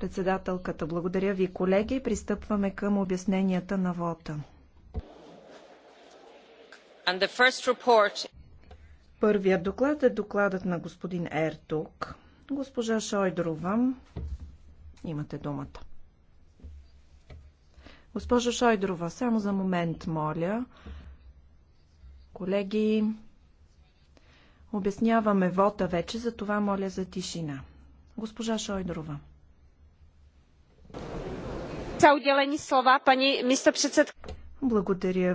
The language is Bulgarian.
Председателката, благодаря ви, колеги. Пристъпваме към обясненията на вота. Първият доклад е докладът на господин Ертук. Госпожа Шойдрова, имате думата. Госпожо Шойдрова, само за момент, моля. Колеги, обясняваме вота вече, за това моля за тишина. Госпожа Шойдрова. За отделени слова, пани мисто председ... Благодаря